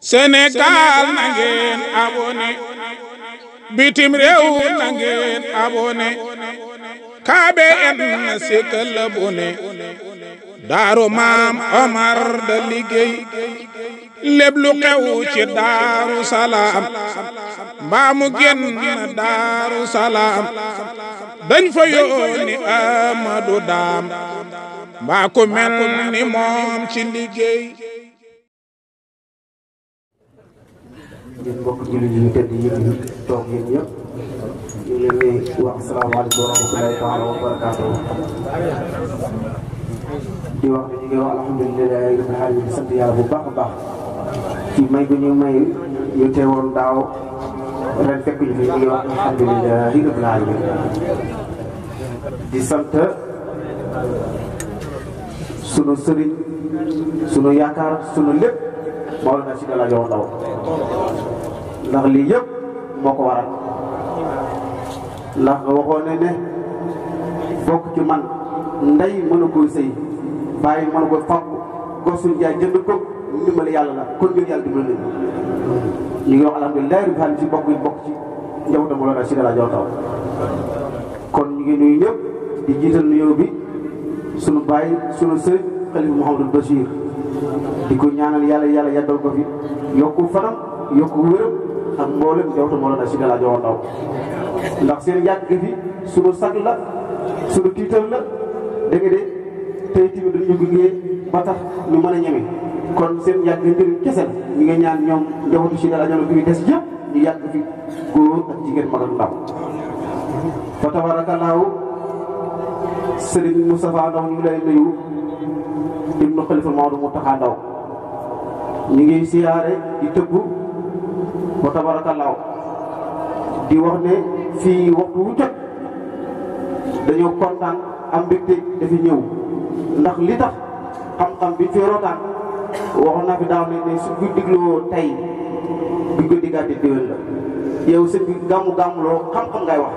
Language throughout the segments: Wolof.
Sénégal na ngeen abonné bitim réew na ngeen abonné KBN na sikkal abonné daaru maam Omar da liggéey lépp lu ci daaru salaam mbaa mu dañ fa yónni Amadou Daam mbaa mel ni moom ci liggéey yéen mbokk jullit yi tedd yi ñu toog yéen ñëpp ñu leen di wax asalaamaaleykum wa rahmatulahi taala wa barakaatu di wax di sant yàlla bu baax a baax ci may bi ñu may ñu teewoon daaw ren fekk ñu fi ñu ngi wax alhamdulilahi rabbil di sant sunu sëriñ sunu yaakaar sunu lépp Mawlana si dala jox ndaw ndax lii yëpp moo ko waral ndax waxoo ne ne bokk ci man ndey mënu koo sëy bàyyi mënu ko fokk gosuñ jaay jënd ko ndimbali yàlla la kon ñun yàlla dimbali nañu ñu ngi wax alhamdulilah rabbil alamin ci bokk yi bokk ci njabootam wala si dala jow taw kon ñu ngi nuyu ñëpp di jiital nuyoo bi sunu bàyyi sunu sëriñ xalifa Mouhamadou Bachir di ko ñaanal yàlla yàlla yàggal ko fi yokku fanam yokku wéram ak mboolem jawtu Mawlana Seydi El Hadji Omar Ndaw ndax seen yàgg gi fi suñu sag la suñu tiital la da nga de tey tamit dañu gunge ba tax ñu mën a ñeme kon seen yàgg njëriñ kese la ñu ngi ñaan ñoom njabootu Seydi El Hadji Omar bi des yëpp ñu yàgg fi góor ak jigéen ndaw fa tabarakallaahu Sëriñ Moustapha Ndaw ñu ngi mu taxaa ndaw ñu ngi siyaare di tëbb wa tabarakallaahu di wax ne fii waxtu wu dañoo kontaan am mbégte dafa ñëw ndax li tax xam-xam bi fi rotaan waxoon naa fi daaw ne ne su ko digloo tey buñ ko diggaate déwén la yow sëñ bi gàmmu xam-xam ngay wax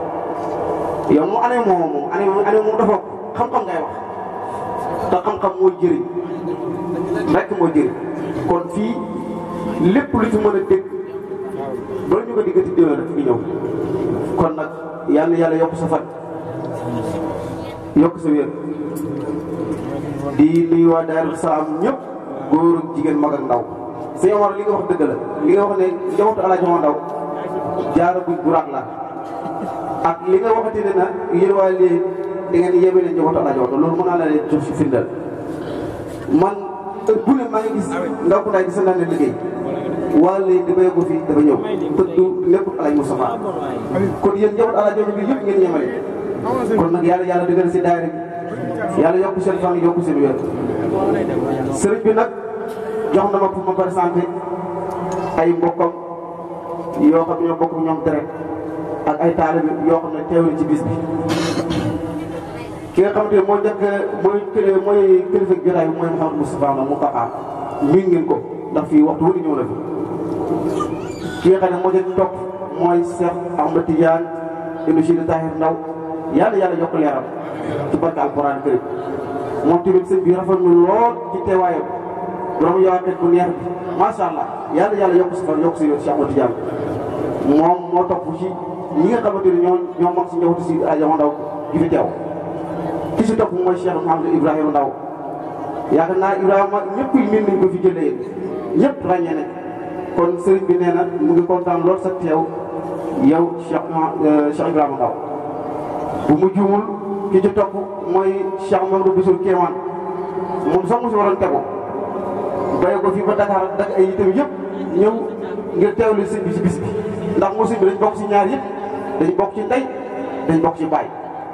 yow mu année moo moom moom dafa xam-xam ngay wax te xam-xam mooy jëriñ rek mooy jëriñ kon fii lépp lu ci mën a dégg ñu kon nag yal yàlla yokk sa fan yokk sa wér di nuyu waa Daaru li nga wax dëgg la li nga wax ne njabootu El Hadj Omar Ndao li nga waxati ne nag yéen waa lii da ngeen man bu ne maa ngi gis ndaw ku ndaay gis naa ne liggéey waaye léegi dafa yóbbu fii dafa ñëw te du lépp alaaj Moustapha kon yéen ñëpp alaaj Jóob bi yëpp kon nag yàlla yàlla dëggal si daayira bi yàlla yokk seen fan yokk seen wér sëriñ bi nag jox na ma pour ma présenté ay mbokkam yoo xam ñoo bokk ñoom deret ak ay taalibe yoo xam ne teewlu ci bis bi xam nga xamante ne moo njëkk mooy kële mooy kilifa bi mooy Mouhamadou Moustapha ma mu Muntaka miin ngeen ko ndax fii waxtu wu ne ñëw na fi ki nga xam ne moo jëkk topp mooy Cheikh Ahmed Tidiane ibnu Sidi Tahir Ndaw yàlla yàlla yokk leeram ci barke alquran kër moom tamit sëñ bi rafet na lool ci teewaayam borom yowaatet bu neex bi macha allah yàlla yàlla yokk si yokk si yoon Cheikh Ahmed moom moo topp ci ñi nga xamante ñoo ñoo si njabootu si Adama Ndaw ki si topp mooy Cheikh Mouhamadou Ibrahima Ndaw yaakaar naa Ibrahima ñëpp yi mën nañ ko fi jëlee ñëpp ràññee nañ kon sëriñ bi nee na mu ngi kontaan lool sa teew yow Cheikh euh, Cheikh Ibrahima Ndaw bu mu juumul ki ci topp mooy Cheikh Mamadou Bisul Kéemaan moom sax mu si waroon ko fii ba Dakar dak ay itam yëpp ñëw ngir teewlu sëñ bi ci bis bi ndax mosin bi dañ bokk ci ñaar yëpp dañ bokk ci ndey dañ bokk ci baay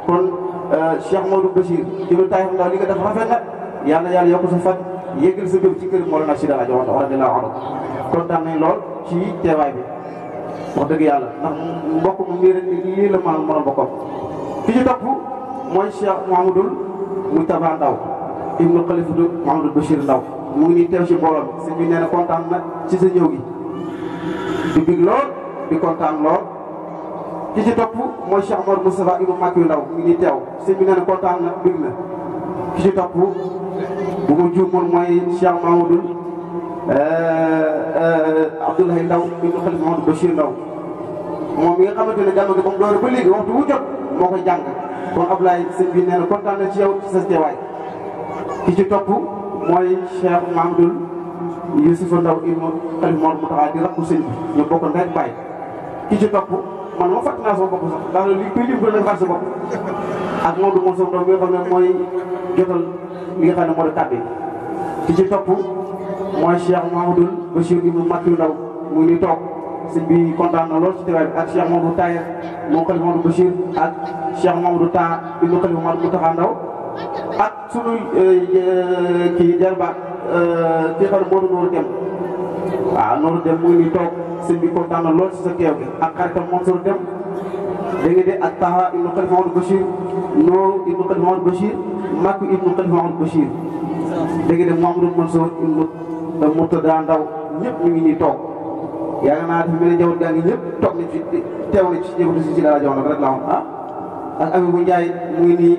kon euh, Cheikh Maodo Bachir jëlu tayi xam daal li def rafet na yàlla yàlla yokk sa fan yéegal ci kër Mawlana Sidi Alhaji Omar radiyallahu anhu kontaan lool ci teewaay bi wax dëgg yàlla ndax mbokk mu ngi lii la ma mën a bokkoon ki ci topp mooy Cheikh Mouhamadoul Moustapha Ndaw ibnu Khalifatul Mouhamadoul Bachir mu ngi nii teew ci mbooloo bi sëñ bi nee kontaan na ci sa ñëw gi di bég lool di kontaan lool ki ci topp mooy Cheikh Mor Moustapha ibnu Makki Ndaw mu ngi nii teew sëñ bi nee kontaan na bég na ki ci topp bu ma juumul mooy Cheikh Mouhamadoul Abdoulaye Ndaw ibnu moom mi nga xamante ne jàng gi ba mu door ba léegi waxtu wu jot moo koy jàng kon Abdoulaye sëñ bi nee na kontaan ci yow ci sa teewaay ki ci topp mooy Cheikh Mahamadul Yusufa Ndaw ibnu Xalifa Mamadou Moutaxa di rakku sëñ bi ñu bokkoon rek bàyyi ki ci topp man ma fàtt naa sama bopp sax ndax li kuy lim ko na nga xam ne mooy jotal nga xam ne moo di ki ci topp mooy Cheikh Mahamadul Bachir ibnu Matu Ndaw mu ngi toog sëñ bi kontaan na lool ci teewaay bi ak Cheikh Mahamadou Tayer moom Khalifa Mahamadou Bachir ak Cheikh Mahamadou Ta ibnu Khalifa Mahamadou Moutaxa Ndaw ak sunu eh, kii jarbaat eh, ki xam moo du nooru dem waaw nooru dem mu ngi toog sëñ bi kontaan na lool ci sa teew bi ak xaritam Mansour dem dégg de ak Taha ibnu Khalifa Mahamadou Bachir Noor ibnu Khalifa Mahamadou Bachir Makk ibnu Khalifa Mahamadou Bachir dégg de Mahamadou Mansour ibnu ak Murtada Ndaw ñëpp ñu ngi nii toog yaakaar naa dafa mel ni jaww gaa ngi ñëpp toog nañ fi teew nañ ci jëfandu si si dara jox rek la woon ah. ak a Ndiaye mu ngi nii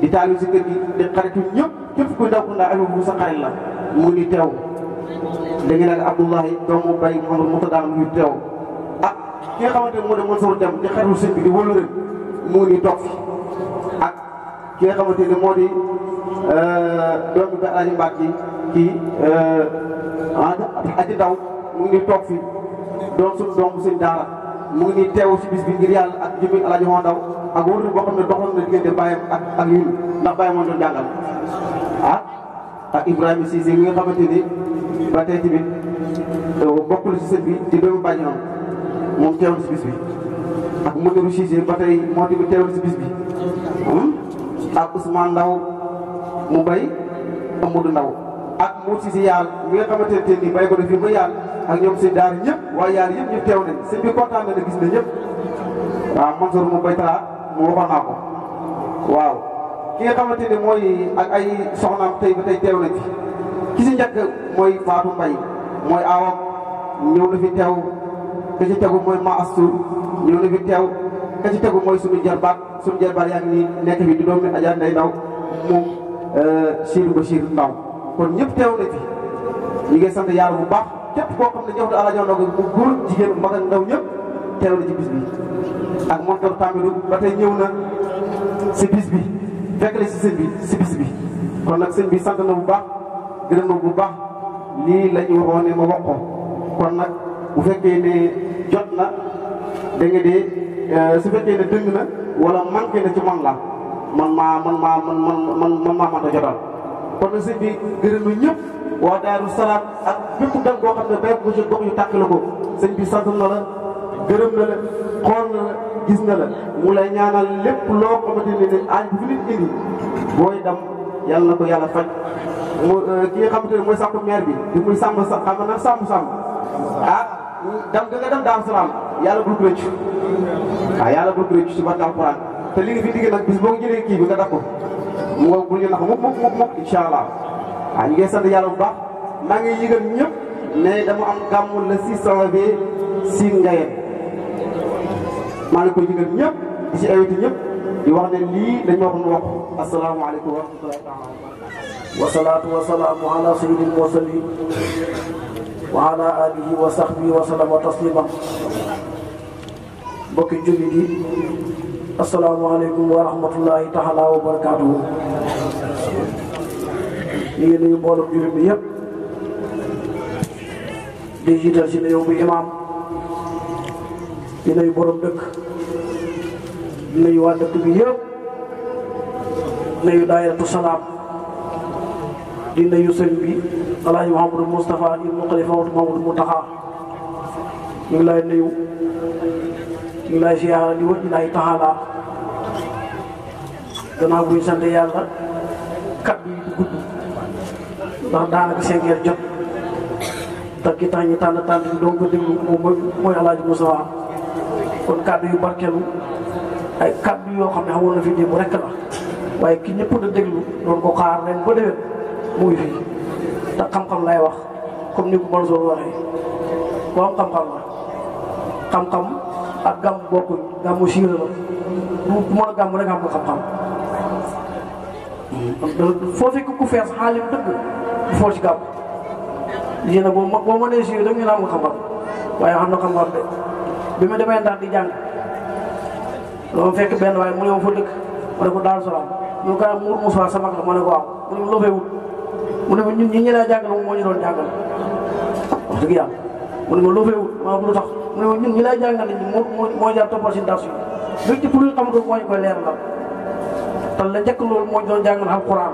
di taalu si kër gi di xaritu ñëpp képp ku ndaw ndax Abibou sa xarit la mu ngi teew. léegi nag Abdoulahi doomu Baye Mouhamadou Murtada mu ngi teew ah ki nga xamante ne moo demoon Sow dem di xaritu sëñ di wóolu rek mu ngi toog fi ak ki nga moo di euh, doomu bi Alaaji Mbàkke kii. Euh, ah aji daw mu ngi nii toog fi doon suñu doomu seen daara mu ngi teewu si bis bi ngir yàlla ak jëmmi Daw ak wóorul boo xam ne doxoon na diggante bàyyam ak ak ñun ndax bàyyi moo doon jàngal ah nga xamante ni ba tey tamit si sët bi di doomu bàjjenam moom teewul si bis bi. ak Mounirou Cissé ba tey moo tamit teewul si bis bi hmm? ak Ousmane Ndaw mu bay Amadou Ndaw mu si si yàlla mi nga xamante ne nii bay ko def fii ba ñoom seen daara ñëpp waaye yàlla yëpp ñu teew nañ sëñ bi kontaan na ne gis na ñëpp waaw Mansour mu bay talaa mu waxoon naa ko waaw ki nga xamante ne mooy ak ay soxnaam tey ba tey teew nañ fi mooy Fatou Mbaye mooy aawam ñëw na fi teew ka ci tegu mooy Ma Astou ñëw na fi teew ka ci tegu mooy suñu jarbaat suñu jarbaat yaa ngi nekk fi di doomi Adja Ndeye Ndaw moom euh, Chirou Bachir Ndaw kon ñëpp teew na fi ñu ngi sant yàlla bu baax képp koo xam ne ñëw na àlajo ndogo bu góor jigéen mag ak ndaw ñëpp teew na ci bis bi ak montor Tambidou ba tey ñëw na si bis bi fekk na si sëñ bi si bis bi kon nag sëñ bi sant na bu baax gërëm na bu baax lii la ñu waxoon ne ma wax ko kon nag bu fekkee ne jot na da nga dee euh, su fekkee ne dëng na wala manqué na ci man la man maa man maa man man man maa mënta jotal kon na sëñ bi gërëm ñëpp waa daaru salaam ak bépp gan boo xam ne bépp bu gox yu tàkk la ko sëñ bi sant na la gërëm na la gis na la mu lay ñaanal lépp loo xamante ne ni aaj nit indi booy dam yàlla na ko yàlla faj mu xam euh, nga xamante ne mooy sàmm meer bi di muy sàmm sàmm xam na sàmm sàmm ah dam da nga dem daaru salaam yàlla bul rëcc waaw ah, yàlla bul rëcc ci barke alquran te li nga fi digg nag bis boo kii bi nga daf ko mu bu ñu nax mukk mukk mukk incha allah waaw ñu sant yàlla bu baax maa ngi yëgal ñëpp ne dama am gàmmu le 6 janvier si Ngayeen maa ngi koy yëgal ñëpp di si invité ñëpp di wax ne lii dañ ma ko wax asalaamaaleykum wa rahmatullahi taala wa salaatu wa ala sayyidil mursalin wa ala alihi wa sahbihi wa sallama taslima mbokki julli gi asalaamaaleykum wa rahmatullahi taala wa barakaatuhu. ñu ngi nuyu mbooloo juróom bi yëpp. di jiital si nuyu bu imaam. di nuyu borom dëkk. di nuyu waa dëkk bi yëpp. nuyu daayatu salaam. di nuyu sëñ bi El Hadj Mouhamadou Moustapha ibnu Khalifa Mouhamadou Mountakha ñu ngi lay nuyu ñu taxalaa gannaaw bu ñu sant yàlla kaddu yi du gudd ndax daanaka cinq jot te ki tax ñu tànn tànn bi ko déglu moom mooy alaaji Moussa kon kaddu yu barkeelu ay kaddu yoo xam ne xamoon na fi démb rek la waaye ki ñëpp da déglu doon ko xaar ren ba déwén muy fii te xam-xam lay wax comme ni ko Mansour waxee ko xam-xam xam-xam ak gam bokku gàmmu siiw la bu mën a rek am xam-xam hmm. foo fekk ku fees xaalim dëgg bu ci gam dina bo mo mo ne siiw rek ñu am xam-xam waye xam na xam-xam de bi ma demee di jang do fekk ben way mu ne fo deug mo ma ko dal salam ñu ko muur musa sama ko mo ne ko am mu lo fe loo wut mu ne ñun ñi ñu laa jàngal moom ñu doon jang wax dëgg ya mu ne mo lo fe wut ma bu lu tax mu ne woon ñun ñi lay jàngal ñu moo moo moo jaar si ndax si luñ ci pour ko mooy koy leer la te la njëkk loolu moo doon jàngal alquran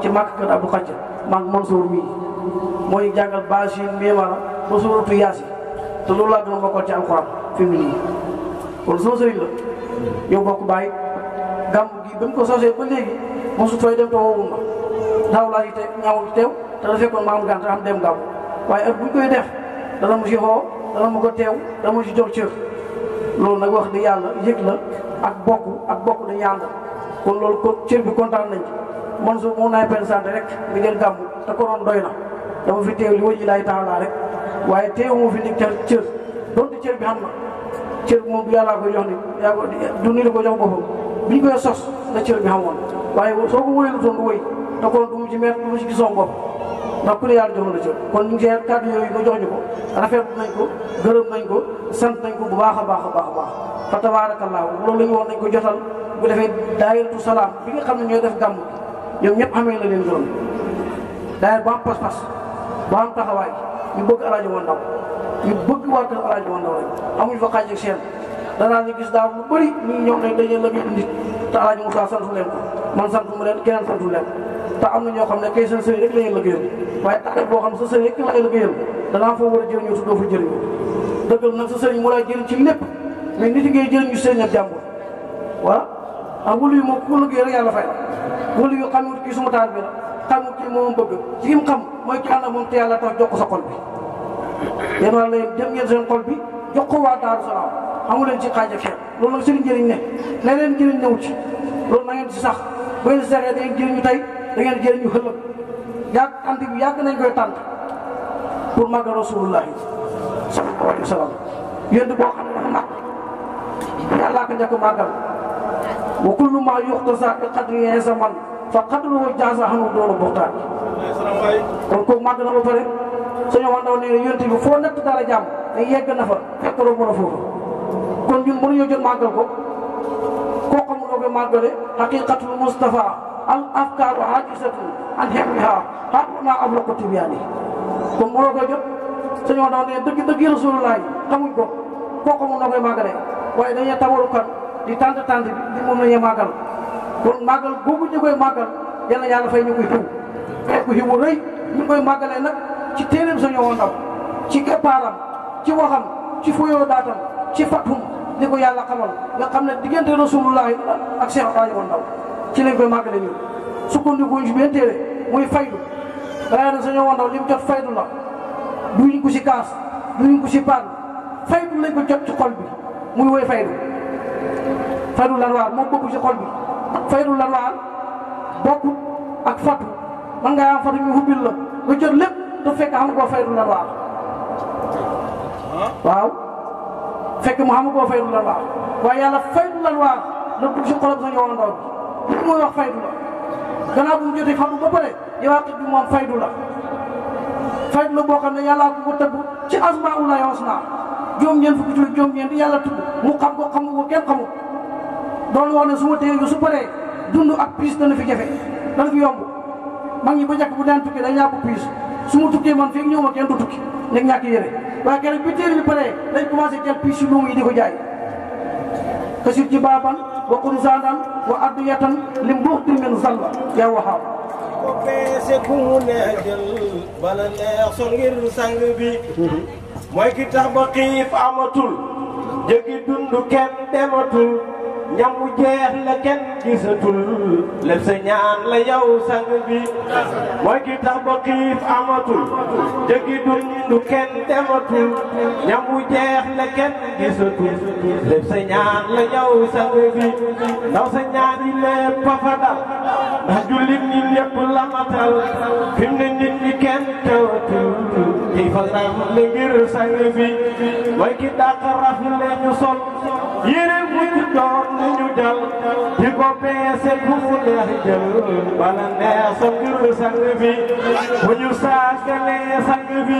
ci màkk kër Abdou Xacca maag Mansour mii mooy ñu jàngal Bachir Mbemara ba suuratu Yaasin te loolu laa gën a bokkoon ci alquran fi mu nii kon sama la yow bokk bàyyi gàmm gi ba mu ko sosee ba léegi mosu fay dem te woowul ma daaw laa yi te ñaaw teew te da ma am gànt am dem gàmm waaye at buñ koy def dana mu si xoo dama ma ko teew dama ci jox cër loolu nag wax di yàlla yëg la ak bokk ak bokk dañuy ànd kon loolu ko cër bi kontaan nañ ci man su moom naay pensante rek mi ngeen gàmb te konoon doy na dama fi teew li waji laay rek waaye teew moo fi nekk cër donte cër bi xam na cër bi moom yàllaa koy jox ni yaa ko du bi ñu koy sos na cër bi xamoon waaye soo ko wóyee lu toon du wóy te kon du mu ci mer mu ci gisoon bopp ku ne jox na cër kon ñu ngi see yooyu nga jox ñu ko rafet nañ ko gërëm nañ ko sant nañ ko bu baax a baax a baax a baax fa tabaarakallaahu loolu la ñu wax nañ ko jotal bu defee daayiratu salaam bi nga xam ne ñooy def gàmm ñoom ñëpp xamee na leen loolu daayir bu am pas-pas bu taxawaay ñu bëgg alaaji woon ndaw ñu bëgg waa kër alaaji woon ndaw amuñ fa xaaj ak seen danaa ñu gis daaw lu bëri ñu ñoom nañ dañu la ñu indi te alaaji Moussa santu leen ko man santu mu leen keneen santu leen te am na ñoo xam ne kay seen sëriñ rek la ñuy liggéeyal waaye taxaw boo xam ne sa sëriñ rek la ngay liggéeyal a jëriñoo su doo sa sëriñ mu lay jëriñ ci lépp mais nit yi ngay jëriñ ñu sëriñ ak jàmbur waaw ah wulu yu moom ku liggéey rek yàlla fay wulu taal bi la xamul kii moom bëgg ci kim xam mooy ki ànd ak moom te yàlla tax jox sa xol bi yéen waa leen dem ngeen seen xol bi jox ko waa Daaru Salaam amu leen ci xaaj ak xeet loolu nag sëriñ jëriñ ne ne leen jëriñ ñëw ci loolu na ngeen ci sax bu ngeen seexee da ngeen jëriñu tey da ngeen jëriñu xëlëb yàgg anti bi yàgg nañ koy tànt pour màgg wa sallam yéen boo xam ne màgg yàllaa ko njëkk a màggal wa kullu ma yuxtasa bi qadri zaman fa qadruhu jaasa xanu doolu buxtaan kon kooku màgg na ba pare suñu wandaw nee ne yonent bi foo natt dara jàmm ne yegg na fa fekkaloo ko koo xamul loo koy màggale xaqiqatul Mustafa الأفكار عاجزة عن حملها حقنا أبلغ تبيانه kon bu ko jot sañoo daw ne dëgg dëgg rasulullah xamuñ ko kooku moom na koy màggale waaye dañuy tawaru kan di tànt tànt bi moom la ñuy màggal kon màggal boobu ñu koy màggal yal na yàlla fay ñu koy tuub fekk xiwu rëy ñu koy màggalee nag ci téeréem sañoo woon daw ci keppaaram ci waxam ci fuyoo daatam ci fatum ni ko yàlla xamal nga xam ne diggante rasulullah ak Cheikh a woon daw ci lañ koy màggale ñu sukkandikuñ ci benn téere muy faydu balaa na sañoo li mu jot faydu la duñ ko ci kaas duñ ko ci paan faydu lañ ko jot ci bi muy woy faydu faydu lanwaar moom bokku ci xol bi faydu lanwaar bokku ak fatu man ngaa am fatu ñu la nga jot lépp te fekk xam koo faydu lanwaar ah? waaw fekk mu xam koo faydu lanwaar waaye yàlla faydu lanwaar la bugg ci xolam sañoo won pour mooy wax faydu la gannaaw bu mu jotee fadu ba pare yowaatib bi moom faydu la faydu la boo xam ne yàllaa ko ko tëbb ci asmaa ulaay husnaa juróom-ñeent fukki tur juróom-ñeent yàlla tudd mu xam ko xamu ko kenn xamu doon wax ne su ma téye su paree dund ak piis dana fi jafe dana fi yomb mag ñi ba njëkk bu daan tukki dañ ñàkk piis su ma tukkee man fii ñëw ma kenn du tukki nekk ñàkk yére waaye kenn bi téere bi paree dañ commencé jël piis yu di ko jaay wa kursanan wa adiyatan li mbuxti min salwa yaa waxaam ko peese ku mu neex jël bala neex sang bi mm-hmm. mooy ki tax ba xiif amatul jëgi dund kenn dematul ñamu jeex la kenn gisatul lépp sa ñaan la yow sang bi mooy ki tax ba xiif amatul jëggi dundu kenn dematul ñamu jeex la kenn gisatul sa ñaan la yow sang bi sa ñaan yi lépp a fa dal ndax jullit ñi fi mu ne nit ñi kenn tewatul kii fa tam li ngir sang bi way ki dàq rafet la ñu sol yére bu ñu doon ni di ko peese ku mu neex jël bala neex ngir sang bi ñu saagalee sang bi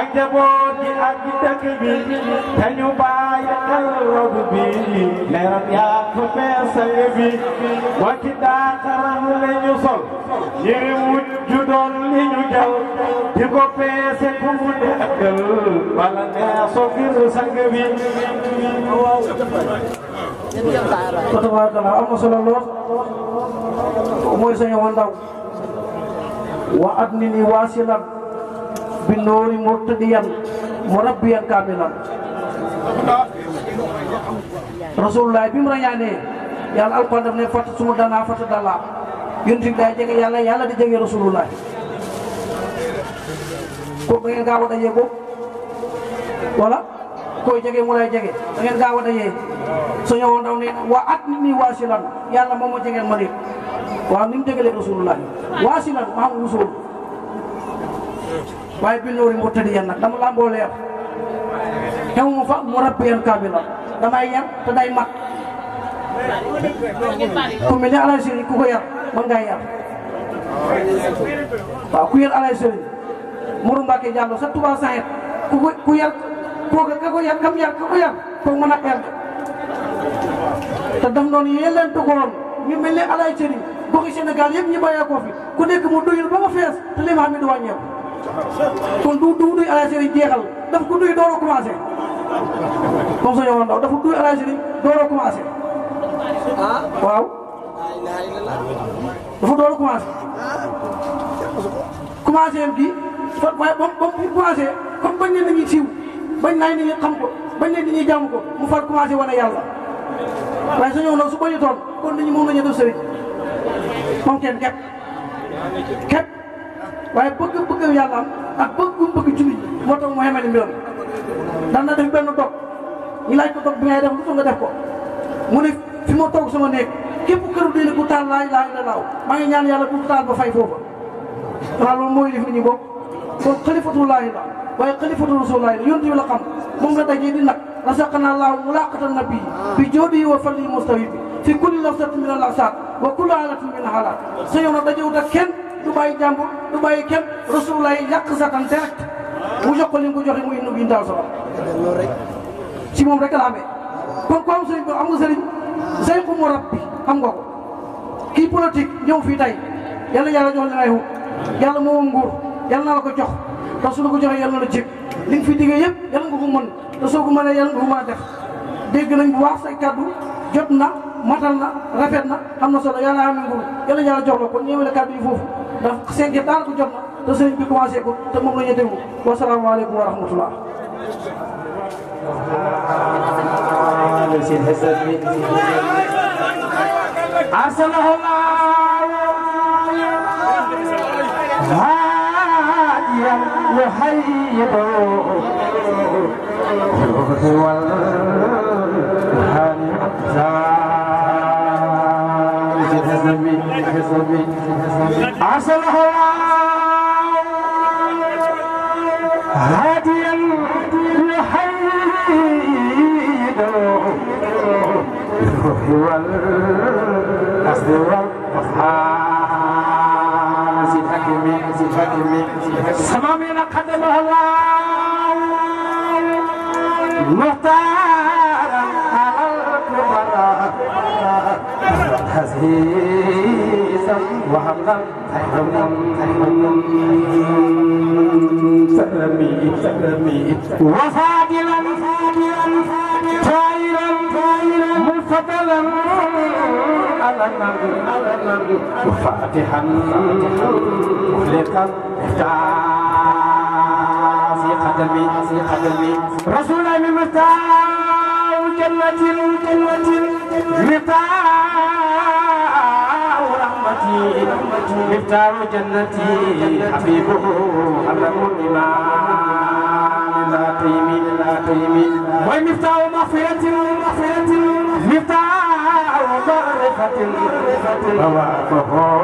ak jaboot yi ak dëkk bi te ñu bàyyi xel bi leeram yaa ko peese sang bi ki dàq rafet la ñu ñu doon li ñu jaw di ko peese ku mu nekkal bala ngaa sofir sang bi waaw ko tabarakala am na sañu wa ndaw wa adnini wasilan bi noori murtadiyan murabbiyan kamilan rasulullah bi mu rañaane yàlla alquran daf ne fat suma dana fat dala yonent bi daa jege yàlla yàlla di jege rasulullah kooku ngeen gaaw a dajee wala koy jege mu lay jege da ngeen gaaw a dajee soo daw ne wa at ni waasilan yàlla moom ma rasulullah wasilan maa ngi wusul waaye bi ñëwri mu tëddi yan nag dama lamboo leer xew mu fa mu rab yan kaamila damay yar day mat ku mel ne ko mën ngaa yàlla waaw ku yar alay sëriñ Mourou Mbacke Diallo sa Touba Sahet ku ko ku yar ka ko yar ka ko yar kooku mën a yar te daf noonu yéen leen duggoon ñu mel goxi Sénégal yëpp ñu bàyyee ko fi ku nekk mu duyul ba nga fees te li ma xam ne du wàññeeku duy alay jeexal daf ko duy door a commencé comme soo ñëwoon daw dafa duy alay sëriñ door ah. waaw. dafa door a commencé commencé am kii fa waaye ba mu commencé bañ leen dañuy siiw bañ naa ni ñu xam ko bañ leen dañuy jàmm ko mu far commencé wane yàlla waaye sa ñëw nag su bañu toon kon dañu moom la ñu def sëriñ moom kenn képp képp waaye bëgg bëgg yàlla ak bëggum bëgg julli moo tax mu xamee ni mbiram daan na def benn dog ñu laaj ko dog bi ngay def lu tax nga def ko mu ne fi ma toog sama néeg képp këru diine ku taal laay laay la laaw maa ngi ñaan yàlla ku taal ba fay foofa xanaa loolu mooy def nit ñi bokk kon xalifatullaahi la waaye xalifatu rasulillahi la yonent bi la xam moom nga dajee di nag rasaqana laahu mulaqatan nabi bi joodi wa fali mustawi bi fi kulli lafsatin min al-awsaat wa kulli haalatin min al-haalaat sa yoon dajewut ak kenn du bàyyi jàmbur du bàyyi kenn rasulullahi yàq satan direct mu jox ko li mu ko joxe muy nub yi ndaw sa ci moom rek la zayku mu rab bi xam nga ko kii politique ñëw fii tey yàlla yàlla jox la ay wu yàlla moom nguur yàlla na la ko jox te su la ko joxee yàlla na la jég li nga fi diggee yëpp yàlla nga ko mën te soo ko mënee yàlla nga ko mën a def dégg nañ bu baax say kaddu jot na matal na rafet na am na solo yàlla am nguur yàlla yàlla jox la ko ñëwale kaddu yi foofu ndax cinq heures daal ko jot na te sëriñ bi commencé ko te moom la ñu déglu wasalaamaaleykum wa حسين حسن عسله الله هاديا يحيد الروح والحال عسله الله هاديا يحيد والقصد والأصحاب زد أكرمي زد أكرمي سمامين قدمه الله مختارا على الكبرى تزهيزا وحمدا سلمي سلمي وفاء فضلا على النبي وفاتحا مخلقا اهتعى في قدمي في قدمي رسولا من متاع جنة جنة متاع رحمتي مفتاح جنتي حبيبه على الإمام لا تيمين لا تيمين ومفتاح مغفرتي مغفرتي لقاء معرفة فواته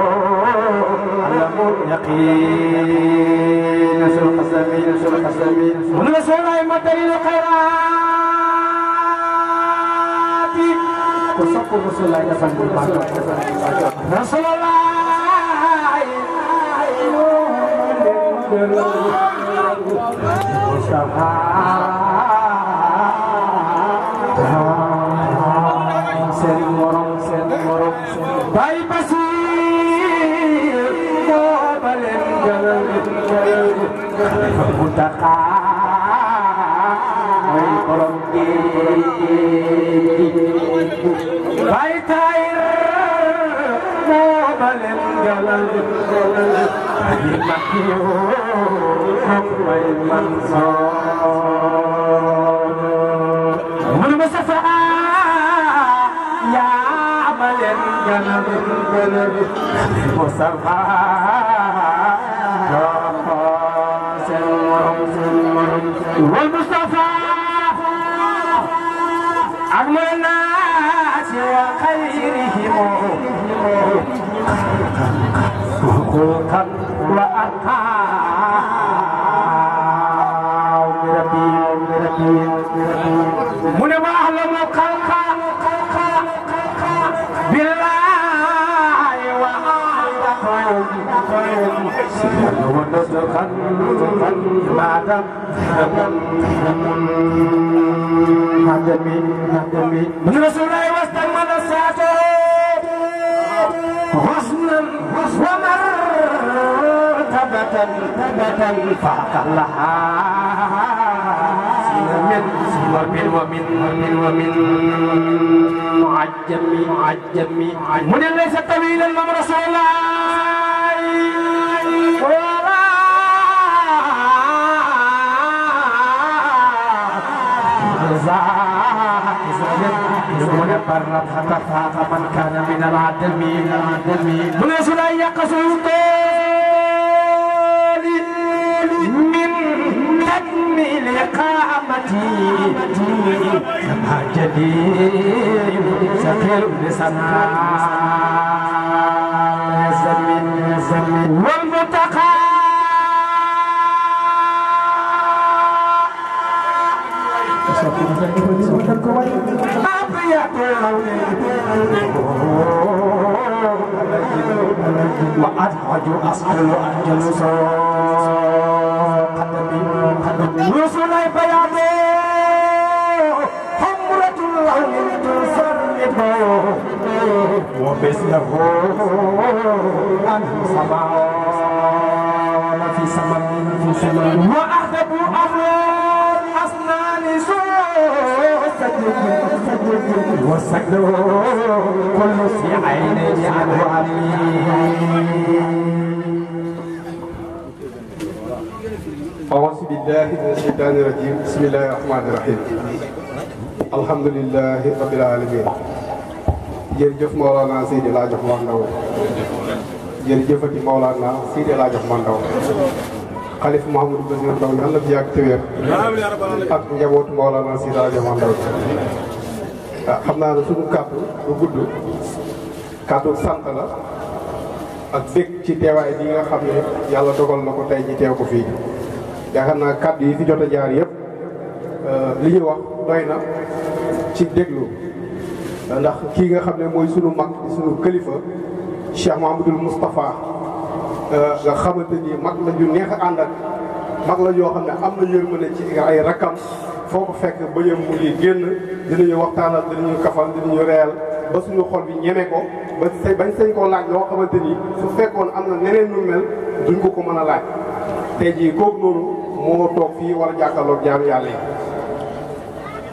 علم اليقين نسر الحسمين نسر الحسمين ونسر الأئمة للخيرات وصف رسول الله رسول الله مصطفى mutaka ay borom géej bay tay moo balen galal aji makiyo ak bay mansoor mun ma safa yaa balen galal galal musafa والمصطفى أغنى الناس وخيرهم خلقا وأطهارا بعد من رسول الله واستمد ساته حسنا ومرتبة تبة فاق لها ومن ومن ومن ومن معجم معجم من ليس طويلا من رسول الله جزاء يومنا برد فتفاق من كان من العدمين العدمين من سلا يقصد من تم لقامتي كما جديد سفير لسنا وأدعج أصحل أنجل قدمي قدمي وصلي بياضي حمرة العين تسرب وبسله أنه سمعان في سمن في سمن وأهدب أهدب والسجن كله في عيني عنه أعوذ بالله من الشيطان الرجيم بسم الله الرحمن الرحيم الحمد لله رب العالمين jërëjëf مولانا Seydi El Hadji Ousmane Ndao jërëjëfati Mawlana Seydi El Hadji xalif Mouhamadou Bassirou Ndaw yàlla na fi yàgg te wér ak njabootu Mawlana Seydi Hadji Oumar Ndaw ah, waaw xam naa ne suñu kàddu bu gudd kàddu sant la ak dégg ci teewaay bi nga xam ne yàlla dogal na ko tey ji teew ko fii yaakaar naa kàddu yi fi jot a jaar yëpp euh, li ñuy wax doy na ci déglu ndax kii nga xam ne mooy sunu mag sunu kilifa Cheikh Mouhamadoul Moustapha Euh, nga xamante ni mag la ñu neex a mag la yoo xam ne am na yërmande ci ay rakkam foo fekk ba yëm mu ngi génn dinañu waxtaanal dinañu kafal dinañu reyal ba suñu xol bi ñeme ko ba say bañ sañ koo laaj loo xamante ni su fekkoon am na neneen ñu mel duñ ko ko mën a laaj tey jii kooku noonu moo toog fii war a jàkkaarloog jaam yàlla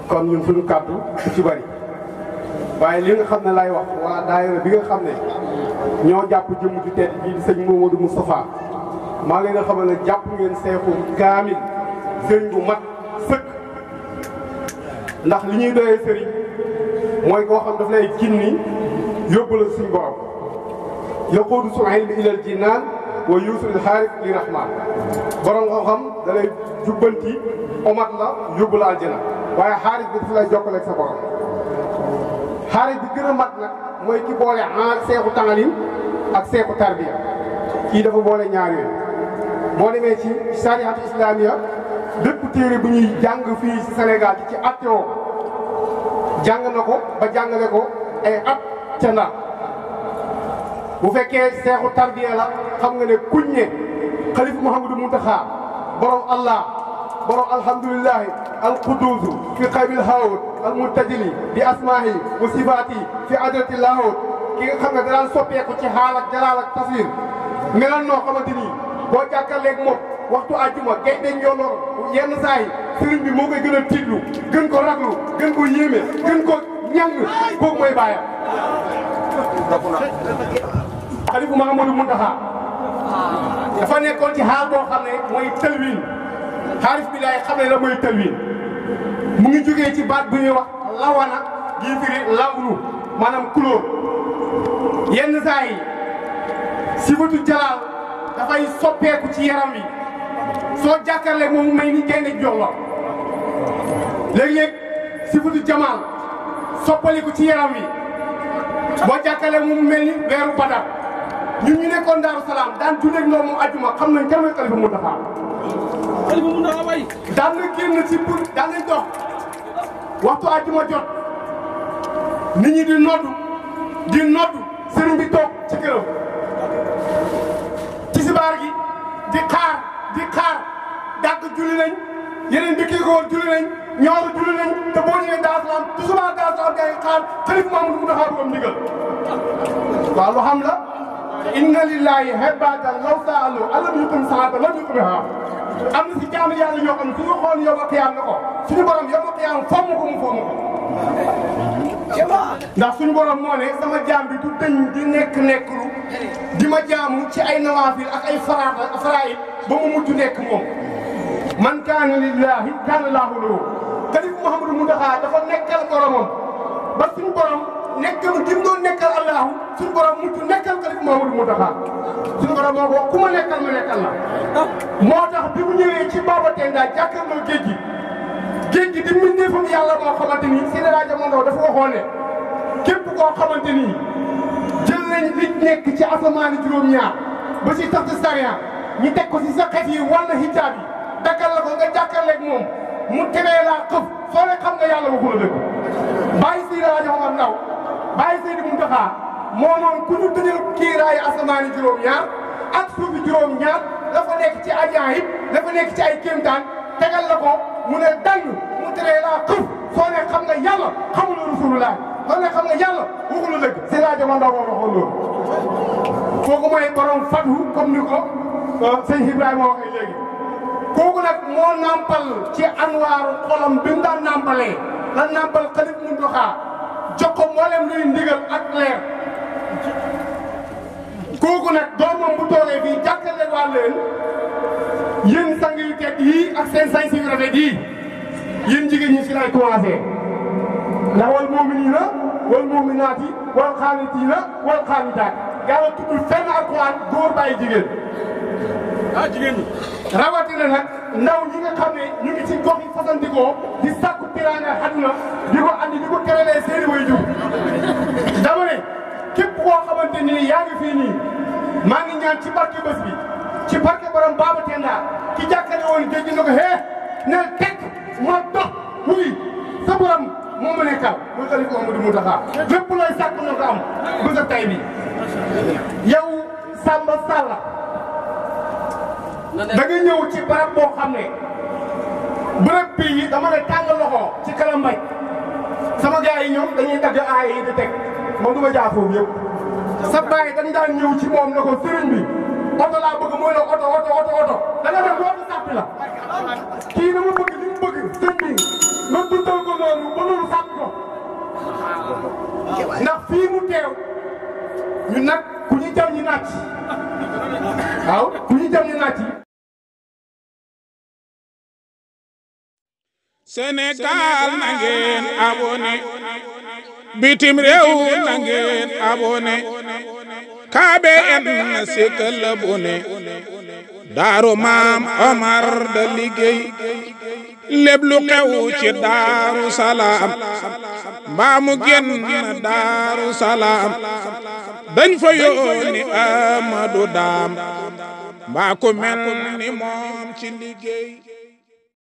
kon ñun suñu kàddu ci bari waaye li nga xam ne laay wax waa daayira bi nga xam ne ñoo jàpp jëmm ju tedd ji sëñ Mamadou Moustapha maa ngi a xamal ne jàpp ngeen seexu kaamil sëriñ bu mat sëkk ndax li ñuy doyee sëriñ mooy koo xam daf lay jinni yóbbu la suñ borom yaquudu sul ilmi ilal jinnaan wa yuusul xaaris li rahmaan borom xam-xam da jubbanti omat la yóbbu la aljana waaye xaaris bi daf lay jokkaleeg sa borom xaare bi gën a mag nag mooy ki boole en seexu taalim ak seexu tarbiya kii dafa boole ñaar yooyu boo demee ci sariyatu islamiya bépp téere bu ñuy jàng fii ci ci attewoo jàng na ko ba jàngale ko ay at ca ndax bu fekkee seexu tarbiya la xam nga ne kuñ ne xalif Mouhamadou Mountakha borom Allah borom al alquduusu fi xaybil haawut almuntajili bi asmaahi wa sifaati fi adrati laahut ki nga xam ne danaan soppeeku ci xaal ak jalaal ak tasir melan xamante ni boo jàkkaarleeg moom waxtu àjjuma gay dañ yoolor yenn saa yi bi moo koy gën a tiitlu gën ko raglu gën ko gën ko ñàng kooku mooy bàyyam xalifu Mahamadou Muntaxa dafa nekkoon ci xaal boo xam ne mooy tëlwin xaarif bi laay xam ne la mooy tëlwin mu ngi jógee ci baat bu ñuy wax lawana di firi lawnu maanaam couleur yenn saa yi sifatu jalaal dafay soppeeku ci yaram wi soo jàkkaarlee moom may ni gaynde jox la léeg-léeg sifatu jamaal soppaliku ci yaram wi boo jàkkaarlee moom mel ni weeru badar ñun ñu nekkoon Daaru Salaam daan junneeg ndox ajuma xam na kan mooy Xalifa mu dafa daan na génn ci pour daan nañ dox waxtu àjjuma jot nit ñi di noddu di noddu sëriñ bi toog ci këram ci sibaar gi di xaar di xaar dàgg julli nañ yeneen dëkk ko julli nañ ñoom te boo ñëwee Daaru Salaam tout souvent Daaru Salaam day xaar xalif Mamadou Mountakha du am ndigal waaw lu la inna lillahi hebatan law saalu alam yukum saata lam yukum ha am na si jaamu yàlla ñoo xam ne suñu xool yow ak ko suñu borom yow ak yàlla fomm ko mu fomm ko. ndax suñu borom moo ne sama jaam bi du dëñ di nekk nekklu di ma jaamu ci ay nawaafil ak ay faraata faraayit ba mu mujj nekk moom. man kaana lillaahi kaana laahu lahu kalif Mouhamadou Mountakha dafa nekkal boromam ba suñu borom nekkal gi mu doon nekkal Allahu. suñu borom mucc nekkal ko rek moo wut mu doxaat suñu borom moo ko ku ma nekkal ma nekkal la. moo tax bi mu ñëwee ci Baba Tenda jàkkaarloo géej gi géej gi di mbindeefam yàlla moo xamante ni Seydi Hadji Omar Ndao dafa waxoon ne képp koo xamante ni jël nekk ci asamaani juróom-ñaar ba ci tax sariya ñu teg ko ci sa xef yi wala hijaab yi dakkal la ko nga jàkkaarleeg moom mu teree laa xëf soo leen nga yàlla waxul a dëgg bàyyi Seydi Hadji Omar Ndao bàyyi Seydi moo moom ku ñu tëjal kiiraayu asamaani juróom-ñaar ak suufi juróom-ñaar dafa nekk ci ajaayib dafa nekk ci ay kéemtaan tegal la ko mu ne dang mu teree laa xëf soo ne xam nga yàlla la rasulullah soo ne xam nga yàlla waxulu dëgg si laa jamono moo waxoon loolu kooku mooy borom fadu comme ni ko euh, sëñ Ibrahima waxee léegi kooku nag moo nampal ci anwaaru xolam bi mu la nampal xarit mu doxaa jox ko mboolem luy ndigal ak leer kooku nag doomam bu toogee fii jàkkale waa leen yéen sang yu teg yii ak seen say si rafet yii yéen jigéen ñi si lay commencé ndax wal mu'minina wal mu'minati wal xaanitina wal xaanitaat yàlla tuddul fenn alquran góor bàyyi jigéen. ah jigéen ñi. rawatina nag ndaw ñi nga xam ñu ngi ci gox yi fasandikoo di sàkku piraanga xaduna di ko andi di ko kerelee seeni way jur képp koo xamante ni yaa ngi fii nii maa ngi ñaan ci barke bés bi ci barke borom Baba Tenda ki jàkkale woon géej gi ne ko hee ne teg ma dox wuy sa borom moo ma nekkal muy xalifa Amadou Mountakha lépp looy sàkk na ko am bëgg tay bi yow Samba Salla da ñëw ci barab boo xam ne bërëb bii dama ne tàng loxo ci kalam mbay sama gars yi ñoom dañuy dagg aay yi di teg nekk man du ma jaar foofu yëpp sa bàyyi dañ moom ne ko bi oto la oto oto oto oto da nga def la kii na mu bëgg li mu bëgg sëriñ bi nga dundal ko noonu ba loolu sàppi ko fii mu teew ñu nag ku ñu jam ñu naaj waaw ku ñu jam ñu naaj bitim réew na ngeen abone KBN sikkal abone daaru maam Omar da liggéey lépp lu ci daaru salaam mbaa mu dañ fa yónni Amadou Daam mbaa ku mel ni moom ci liggéey